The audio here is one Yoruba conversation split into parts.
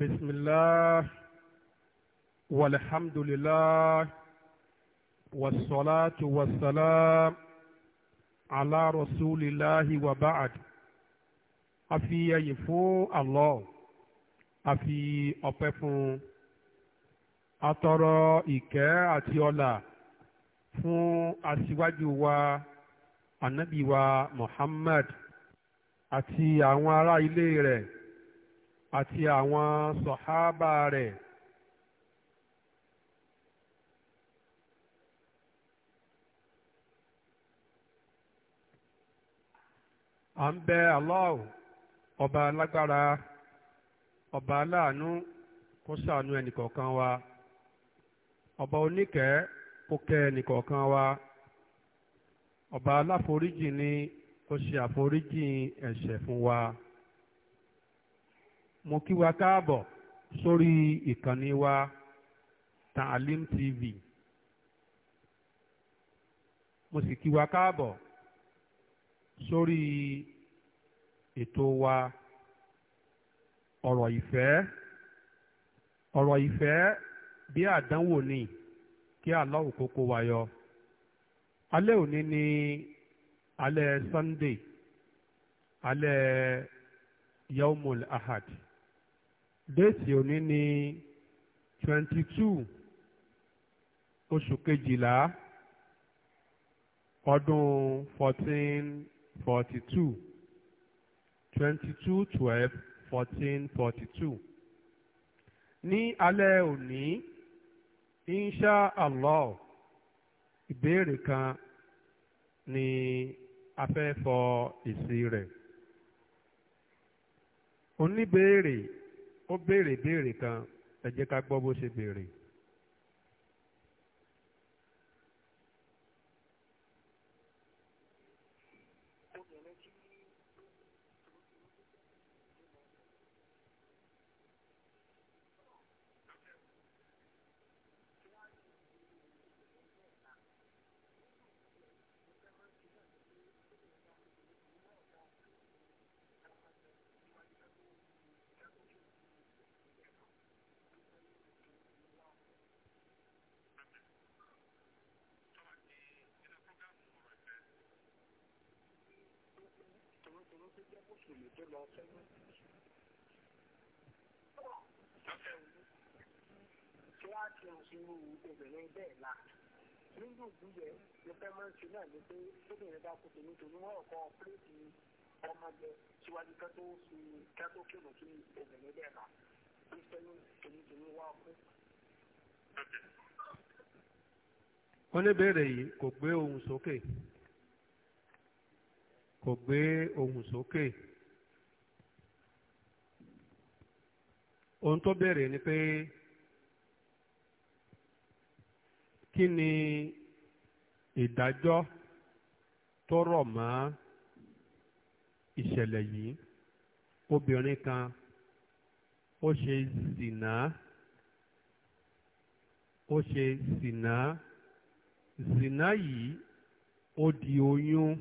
بسم الله والحمد لله والصلاة والسلام على رسول الله وبعد afi ẹyìn fún Allah afi ọpẹ́ fún atọrọ ìkẹ́ àti ọlà fún aṣíwájú wa anabi wa Muhammad àti àwọn ará ilé rẹ̀ àti àwọn sọ̀hábà rẹ̀. à ń bẹ Allah ọba alágbára ọba aláàánú kó ṣàánú ẹnìkọ̀ọ̀kan wa ọba oníkẹ́ kó kẹ́ ẹnìkọ̀ọ̀kan wa ọba aláforíjì ni kó ṣe àforíjì ẹ̀ṣẹ̀ fún wa. mo kí wa káàbọ̀ sórí ìkànnì wa Taalim TV mo sì kí wa káàbọ̀ sórí ètò wa ọ̀rọ̀ ìfẹ́ ọ̀rọ̀ ìfẹ́ bí àdánwò ni kí Allah kókó wa yọ alẹ́ òní ni alẹ́ Sunday alẹ́ yaumul ahad déètì òní ni twenty two oṣù kejìlá ọdún fourteen forty two twenty two twelve fourteen forty two ní alẹ́ òní insha allah ìbéèrè kan ni a fẹ́ fọ èsì rẹ̀ oníbéèrè ó béèrè béèrè kan ẹ jẹ́ ká gbọ́ bó ṣe béèrè. láti ìṣòro obìnrin bẹ́ẹ̀ la nínú ìbúyẹ ló fẹ́ máa ń ṣe náà ni pé obìnrin bá kú tèmi tòun wọn ọkọ pírètì ọmọdé síwájú ká tó fi ká tó kírun sí obìnrin bẹ́ẹ̀ la ní sẹ́yìn tèmi tèmi wá kú. oníbèrè yìí kò gbé ohùn sókè kò gbé ohùn sókè. ohun tó bere ni pé kí ni ìdájọ́ tó rọ̀ mọ́ ìṣẹ̀lẹ̀ yìí kan ó ṣe zìnà ó ṣe zìnà zìnà yìí ó di oyún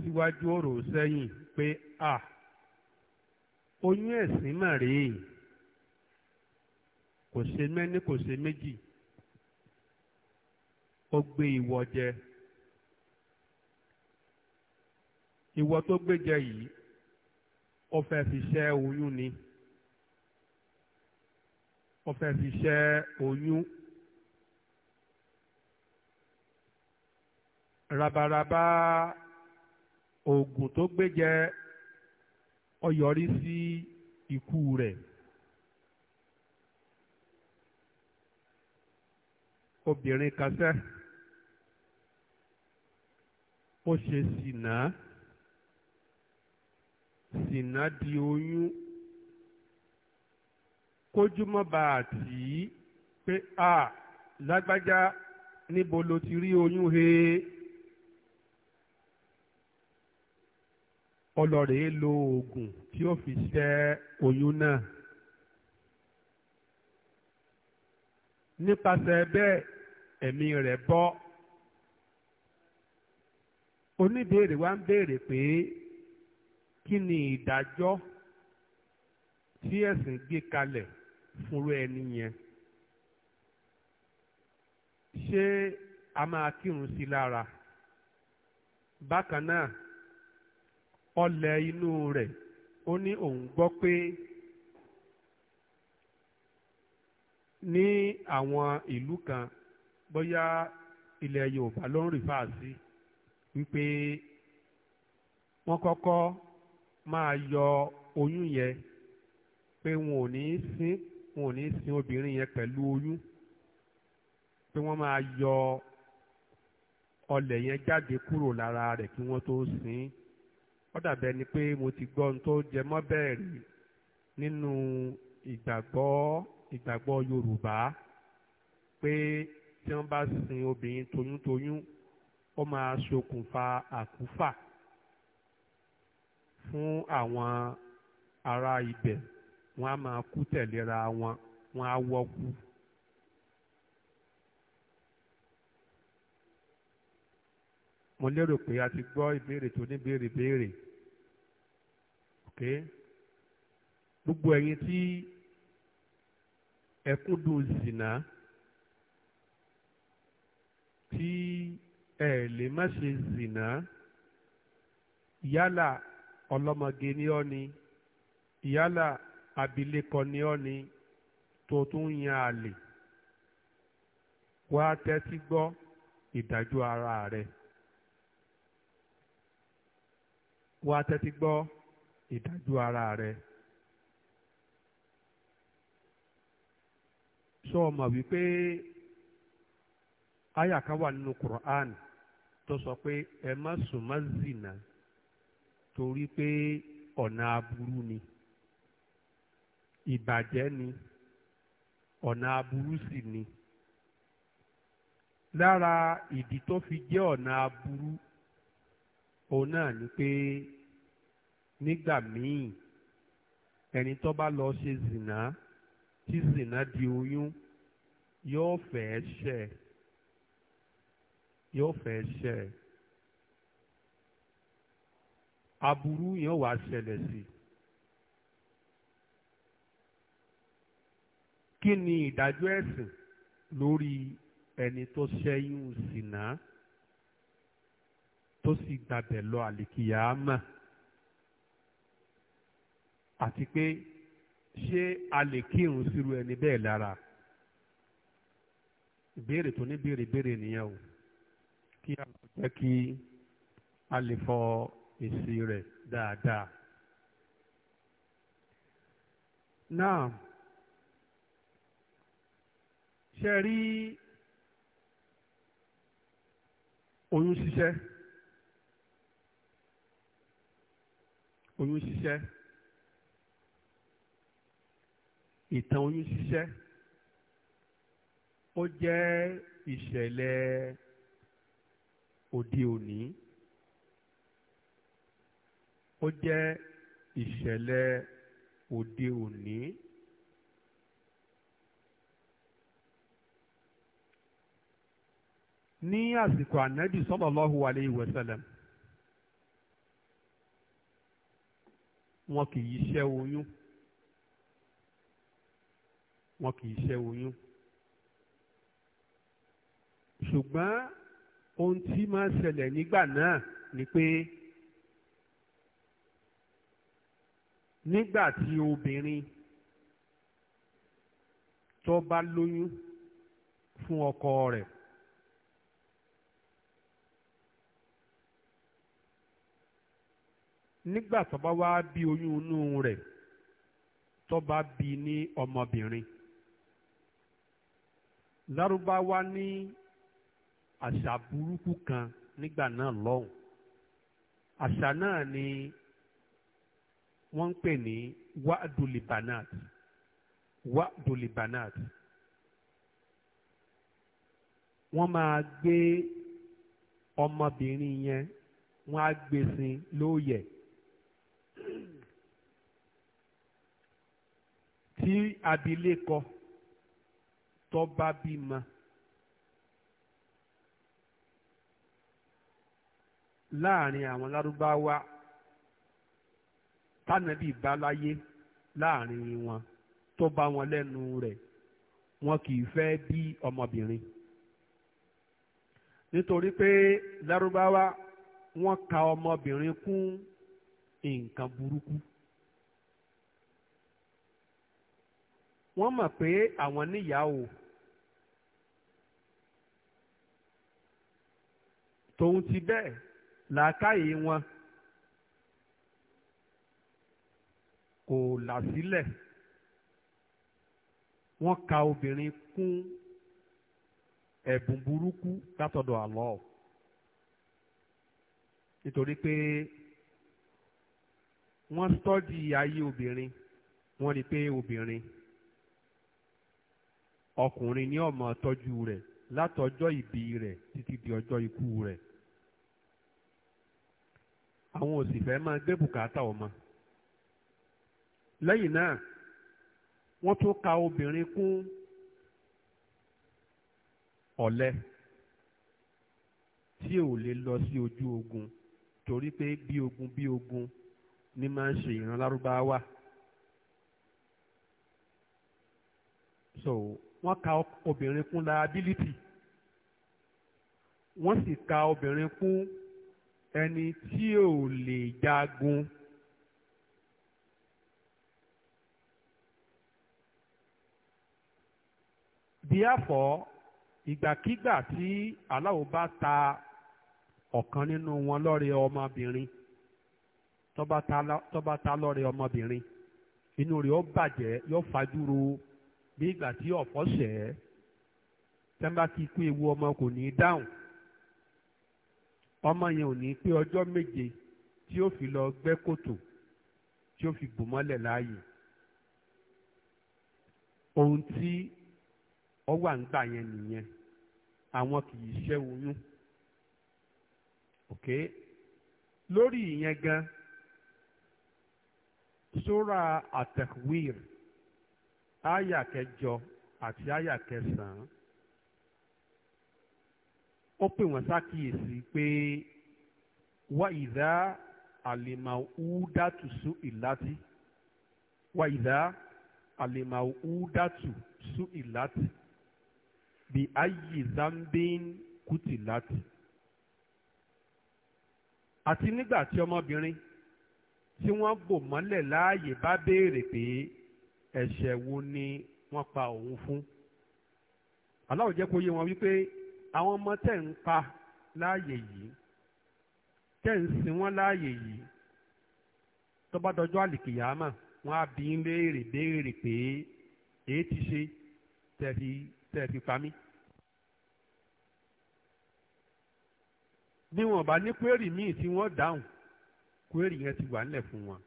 síwájú oyún ẹ̀sìn mà rèé kò ṣe mẹ́ni kò ṣe méjì ó gbé ìwọ jẹ ìwọ tó gbé jẹ yìí ó fẹ́ fi ṣẹ́ oyún ni ó fẹ́ fi ṣẹ́ oyún rabaraba oògùn tó gbé jẹ ọ yọrí sí ikú rẹ̀ obìnrin kan o ó ṣe sìnà sìnà di oyún kójúmọ́ bá a tì í pé a lágbájá níbo lo ti rí oyún he. ọlọ́rẹ̀ lo oògùn tí ó fi ṣẹ́ oyún náà. nípasẹ̀ bẹ́ẹ̀ ẹ̀mí rẹ̀ bọ́ oníbèrè wa ń béèrè pé kí ni ìdájọ́ tí ẹ̀sìn gbé kalẹ̀ fúnrú ẹni yẹn ṣé a máa kírun sí lára bákan náà ọlẹ̀ inú rẹ̀ ó ní òun gbọ́ pé ní àwọn ìlú kan bóyá ilẹ̀ Yorùbá ló ń rìfà sí wípé wọ́n kọ́kọ́ máa yọ oyún yẹn pé wọn ò ní sin wọn ò ní sin obìnrin yẹn pẹ̀lú oyún pé wọ́n máa yọ ọlẹ̀ yẹn jáde kúrò lára rẹ̀ kí wọ́n tó sin ó dàbẹ̀ ni pé mo ti gbọ́ ohun tó jẹ mọ́ bẹ́ẹ̀ rí nínú ìgbàgbọ́ ìgbàgbọ́ Yorùbá pé tí wọ́n bá sin obìnrin toyúntoyún ó máa ṣokùnfà àkúfà fún àwọn ará ibẹ̀ wọ́n á máa kú tẹ̀léra wọn wọ́n á wọ́kú. mo lérò pé a ti gbọ́ ìbéèrè tó ní béèrè béèrè ok gbogbo ẹ̀yin tí ẹ kúndùn zìnà tí ẹ lè má ṣe zìnà yálà ọlọ́mọge ni ọ́ ni yálà abilékọ ni ọ́ ni tó tún yan àlè wá tẹ́tí gbọ́ ìdájọ́ ara rẹ̀. wa tẹ́tí gbọ́ ìdájọ́ ara rẹ. sọ ọmọ wípé àyà kan wà nínú Qur'an tó sọ pé ẹ má sùn má zìnà torí pé ọ̀nà aburú ni ìbàjẹ́ ni ọ̀nà aburú sì ni lára ìdí tó fi jẹ́ ọ̀nà aburú òun náà ni pé nígbà míì ẹni tó bá lọ ṣe zìnà tí zìnà di oyún yóò fẹ́ ṣẹ̀ yóò fẹ́ ṣẹ̀ aburú yóò wá ṣẹlẹ̀ sí kí ni ìdájọ́ ẹ̀sìn lórí ẹni tó ṣẹ́yún sìnà? tó sì gbàbẹ̀ lọ àlìkìyàmà àti pé ṣé a lè kírun sírú ẹni bẹ́ẹ̀ lára ìbéèrè tó ní béèrè béèrè nìyẹn o kí a jẹ́ kí a lè fọ èsì rẹ̀ dáadáa. náà ṣe rí oyún ṣíṣẹ́. oyún ṣíṣẹ́ ìtàn oyún ṣíṣẹ́ ó jẹ́ ìṣẹ̀lẹ̀ òde òní ó jẹ́ ìṣẹ̀lẹ̀ òde òní ní àsìkò ànábì sallallahu alayhi wa sallam. wọn kì í ṣẹ́ oyún wọn kì í ṣẹ́ oyún ṣùgbọ́n ohun tí máa ń ṣẹlẹ̀ nígbà náà ni pé nígbà tí obìnrin tó bá lóyún fún ọkọ rẹ̀ nígbà tó bá wá bí oyún inú rẹ̀ tó bá bí ní ọmọbìnrin lárúbáwá ní àṣà burúkú kan nígbà náà lọ́hùn àṣà náà ni wọ́n ń pè ní wàdùlìbánat wàdùlìbánat wọ́n máa gbé ọmọbìnrin yẹn wọ́n á gbé e sin lóòyẹ̀ tí abilékọ tó bá bímọ láàrin àwọn lárúbáwá tánàbí bá láyé láàrin wọn tó bá wọn lẹ́nu rẹ̀ wọn kì í fẹ́ bí ọmọbìnrin nítorí pé lárúbáwá wọ́n ka ọmọbìnrin kún nǹkan burúkú wọ́n mọ̀ pé àwọn níyàwó tòun ti bẹ́ẹ̀ làákàyè wọn kò là sílẹ̀ wọ́n ka obìnrin kún ẹ̀bùn burúkú látọ̀dọ̀ Allah nítorí pé wọ́n tọ́jú ayé obìnrin wọ́n rí pé obìnrin ọkùnrin ní ọmọ tọ́jú rẹ̀ látọjọ́ ìbí rẹ̀ títí di ọjọ́ ikú rẹ̀ àwọn ò sì fẹ́ máa gbé bùkátà ọmọ lẹ́yìn náà wọ́n tún ka obìnrin kún ọ̀lẹ tí ò lè lọ sí ojú ogun torí pé bí ogun bí ogun ní máa ń ṣe ìran lárúbáwá so wọ́n ka obìnrin kún liability wọ́n sì ka obìnrin kún ẹni tí ò lè jagun. therefore ìgbàkigbà tí aláwo bá ta ọ̀kan nínú wọn lọ́rẹ ọmọbìnrin tọ́ba ta lọ́rẹ̀ ọmọbìnrin inú rẹ̀ ó bàjẹ́ yóò fajúro bí ìgbà tí ọ̀fọ̀ ṣẹ̀ ẹ́ tẹ́ńbà kí ikú ewu ọmọ kò ní í dáhùn ọmọ yẹn ò ní pé ọjọ́ méje tí ó fi lọ gbẹ́ kòtò tí ó fi bò mọ́lẹ̀ láàyè ohun tí ọ wà yẹn nìyẹn àwọn kì í ṣẹ́ oyún sura atakwir aya kẹjọ àti aya kẹsàn-án ó pè wọ́n sákìyèsí pé wá ìdá àlèmàúdàtù sú ìlàtì wá ìdá àlèmàúdàtù sú ìlàtì bí ayé zambin kùtìlàtì àti nígbà tí ọmọbìnrin tí wọ́n bò mọ́lẹ̀ láàyè bá béèrè pé ẹ̀ṣẹ̀ wo ni wọ́n pa òun fún aláwọ̀ jẹ́ kó yé wọn wípé àwọn ọmọ tẹ̀ ń pa láàyè yìí tẹ̀ ń sin wọ́n láàyè yìí tó bá dọjọ́ àlìkìyàmà wọ́n á bí ń béèrè béèrè pé èyí ti ṣe tẹ̀ fi tẹ̀ fi pa mí. bí wọn bá ní pẹ́ẹ́rì míì tí wọ́n dáhùn kwérì yẹn ti wà nílẹ̀ fún wọn.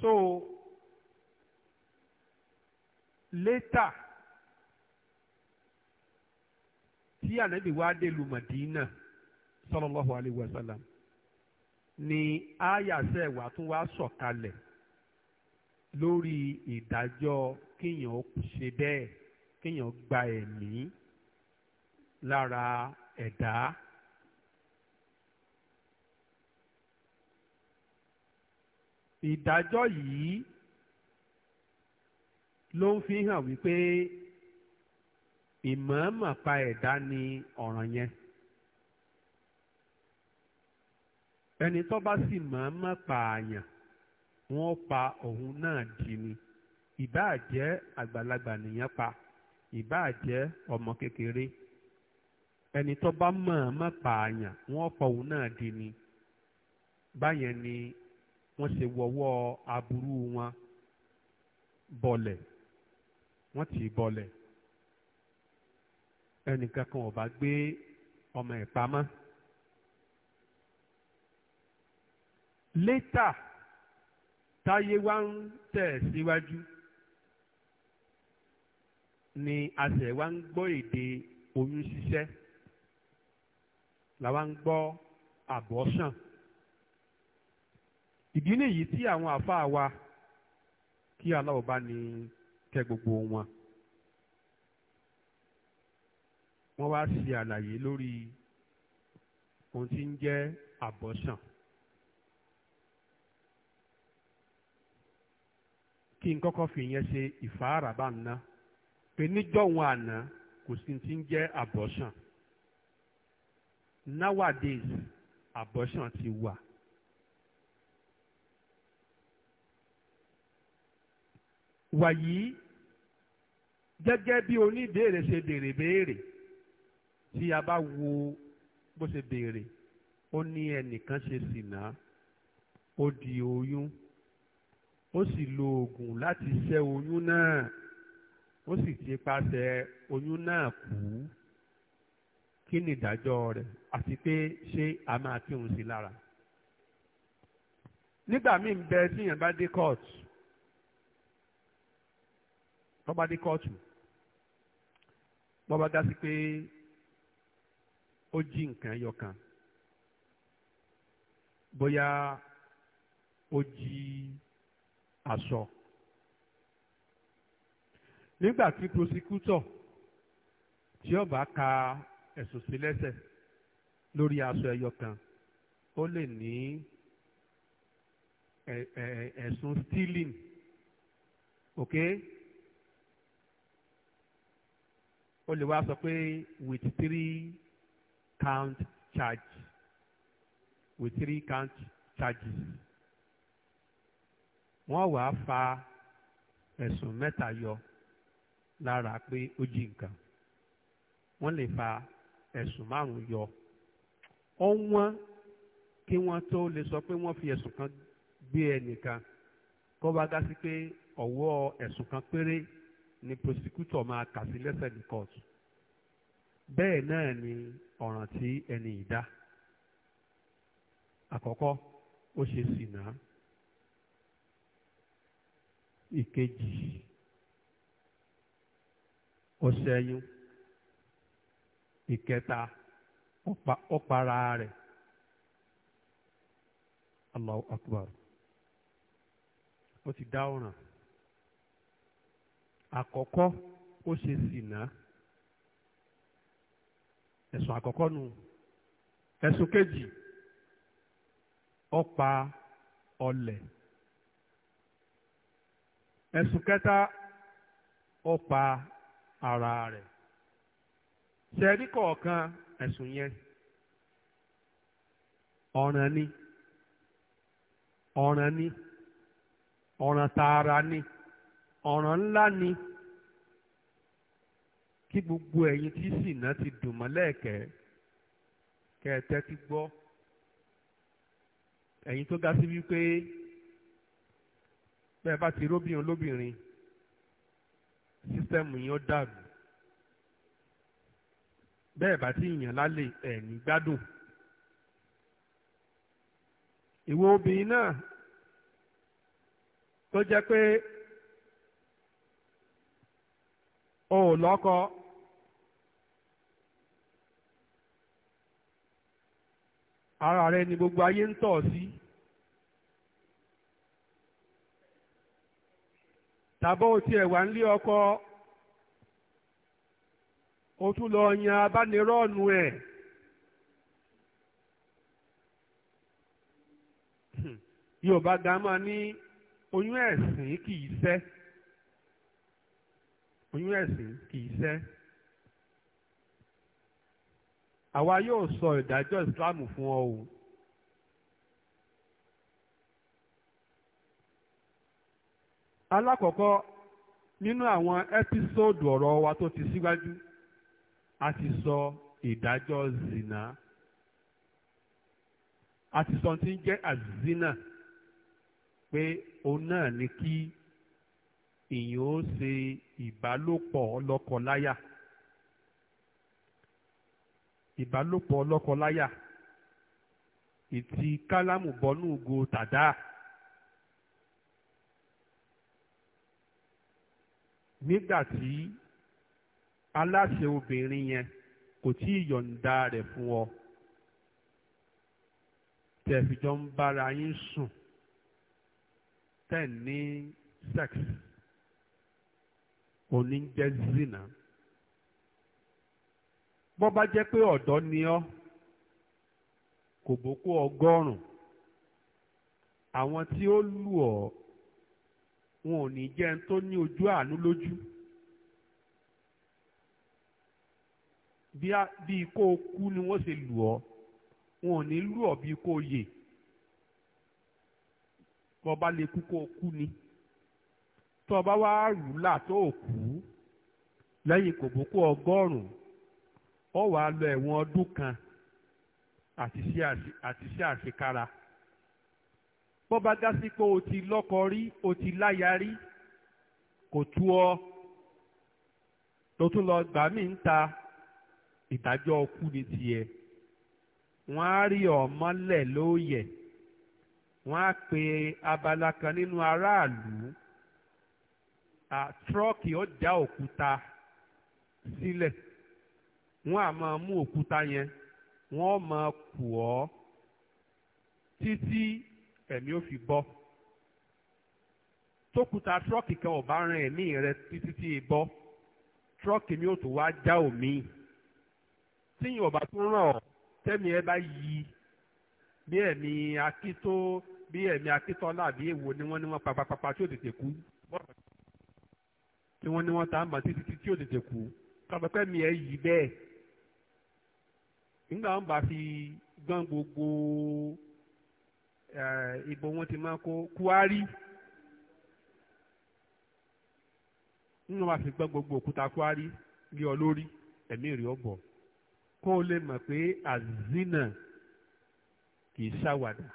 so later tí ànábì wá dé lu Madina sallallahu alayhi wa sallam ni ayàṣẹ wà tún wá sọ̀kalẹ̀ lórí ìdájọ́ kéèyàn ṣe bẹ́ẹ̀ kéèyàn gba ẹ̀mí lára ẹ̀dá. E ìdájọ́ yìí ló ń fi hàn wípé ìmọ̀ọ́mọ̀ pa ẹ̀dá ni ọ̀ràn yẹn ẹni tó bá sì mọ̀ọ́mọ̀ àyàn wọ́n pa òun náà dì ní. ìbáà jẹ́ àgbàlagbà nìyẹn pa ìbáà jẹ́ ọmọ kékeré ẹni tó bá mọ̀ọ́mọ̀ àyàn wọ́n pa òun náà dì ní. báyẹn ni wọ́n ṣe wọ́wọ́ aburú wọn bọ̀lẹ̀ wọ́n tì í bọ̀lẹ̀ ẹnìkan kan ò bá gbé ọmọ ẹ̀ pamọ́. létà táyé wá ń tẹ̀ síwájú ni a ṣẹ̀ wá ń gbọ́ èdè oyún ṣíṣẹ́ làwa ń gbọ́ abortion ìdí nìyí tí àwọn àáfàá wa kí aláwọ̀ bá ní kẹ́ gbogbo wọn wọ́n wá ṣe àlàyé lórí ohun tí ń jẹ́ àbọ̀sàn kí n kọ́kọ́ fi yẹn ṣe ìfáàràbà ńná pé níjọ́hun àná kò sí ti ń jẹ́ àbọ̀sàn nowadays àbọ̀sàn ti wà. wàyí gẹ́gẹ́ bí oníbèrè ṣe béèrè béèrè tí a bá wo bó ṣe béèrè ó ní ẹnìkan ṣe sìnà ó di oyún ó sì lo oògùn láti ṣẹ́ oyún náà ó sì ti pàṣẹ oyún náà kú kí ni ìdájọ́ rẹ̀ àti pé ṣé a máa kírun sí lára nígbà míì ń bẹ tíyàn bá dé kóòtù tó bá dé kóòtù wọ́n bá dá sí pé ó jí nǹkan ẹyọ kan bóyá ó jí aṣọ nígbà tí prosecutor tí ó ka ẹ̀sùn sí lẹ́sẹ̀ lórí aṣọ ẹyọ kan ó lè ní ẹ̀sùn stealing okay o lè wá sọ pé with three count charge with three count charges wọ́n wàá fa ẹ̀sùn mẹ́ta yọ lára pé ó jí nǹkan wọ́n lè fa ẹ̀sùn márùn-ún yọ ó wọ́n kí wọ́n tó lè sọ pé wọ́n fi ẹ̀sùn kan gbé ẹnìkan kó wá gá sí pé ọ̀wọ́ ẹ̀sùn kan péré ni prosecutor máa kà sí lẹ́sẹ̀ ní court bẹ́ẹ̀ náà ni ọ̀ràn tí ẹni ìdá àkọ́kọ́ ó ṣe sìnà ìkejì ó ṣẹ́yún ìkẹta ó para rẹ̀ Allahu Akbar ó ti dá ọ̀ràn. àkọ́kọ́ ó ṣe sìnà ẹ̀sùn àkọ́kọ́ nù ẹ̀sùn kejì ó ọlẹ̀ ẹ̀sùn kẹta ó ara rẹ̀ ṣẹ̀rí kọ̀ọ̀kan ẹ̀sùn yẹn ọ̀ràn ni ọ̀ràn ni ọ̀ràn tààrà ni. ọ̀ràn ńlá ni kí gbogbo ẹ̀yin tí sìnà ti dùn mọ́ lẹ́ẹ̀kẹ́ kẹ́ ẹ tẹ́tí gbọ́ ẹ̀yin tó ga sí wípé bẹ́ẹ̀ bá ti róbìnrin lóbìnrin sísẹ́mù yín ó dàrú bẹ́ẹ̀ bá ti yàn lálẹ́ ẹ̀ní gbádùn ìwọ obìnrin náà tó jẹ́ pé o ò lọ́kọ. ara rẹ ni gbogbo ayé ń tọ̀ sí. tàbá o tiẹ̀ wà nílé ọkọ o tún lọ yan abánirọ́ọ̀nù ẹ̀. Yorùbá gan máa ní oyún ẹ̀sìn kì í ṣẹ́. oyún ẹ̀sìn kì í ṣẹ́ àwa yóò sọ ìdájọ́ ìsìláàmù fún ọ o alákọ̀ọ́kọ́ nínú àwọn ẹ́písòdù ọ̀rọ̀ wa tó ti síwájú a ti sọ ìdájọ́ zina a ti sọ tí ń jẹ́ àzínà pé òun náà ni kí èèyàn ó ṣe ìbálòpọ̀ ọlọ́kọláyà ìbálòpọ̀ ọlọ́kọláyà ìtì kálámù bọ́nú ugo tàdá nígbà tí aláṣẹ obìnrin yẹn kò tí ì yọ̀ǹda rẹ̀ fún ọ tẹ̀fìjọ́ ń bára yín sùn tẹ̀ ní sex. Oni ń jẹ́ zina bó bá jẹ́ pé ọ̀dọ́ ni ọ́ kò bókó ọgọ́rùn-ún àwọn tí ó lù ọ́ wọn ò ní jẹ́ tó ní ojú àánú lójú bí kó kú ni wọ́n ṣe lù ọ́ wọn ò ní lù ọ́ bí kó yè bó bá lè kú kó kú ni tó o bá wá rù là tó o kú lẹ́yìn kòbókó ọgọ́rùn-ún ó wàá lọ ẹ̀wọ̀n ọdún kan àti sí àṣekára bó bá dá sí pé o ti lọ́kọ rí o ti láya rí kò tú ọ tó tún lọ gbà mí ń ta ìdájọ́ ọkú ní tiẹ̀ wọ́n á rí ọ̀mọ́lẹ̀ lóòyẹ̀ wọ́n á pe abala kan nínú aráàlú tírọ́ọ̀kì ọjà òkúta sílẹ̀ wọ́n á máa mú òkúta yẹn wọ́n máa kù ọ́ títí ẹ̀mí ó fi bọ́ tókùtà tírọ́ọ̀kì kan ò bá ẹ̀mí rẹ títí tí ì bọ́ tírọ́ọ̀kì mi ò tó wá já òmí tíyìn ọ̀bà tó ràn ọ́ tẹ́mi ẹ bá yí bí ẹ̀mí akító bí ẹ̀mí akítọ́lá àbí èwo ni wọ́n ní wọ́n tí ni wọ́n ní wọ́n ta mà títí títí ò tètè kú kàpẹ́pẹ́ mi ẹ̀ yí bẹ́ẹ̀ nígbà wọn bá fi gbọ́n gbogbo eh, ìbò wọn ti máa kó kúárì nínú wa fi gbọ́ gbogbo òkúta kwari lé ọ lórí ẹ̀mí rí ọ bọ̀ kó o lè mọ̀ pé àzínà kì í ṣàwàdà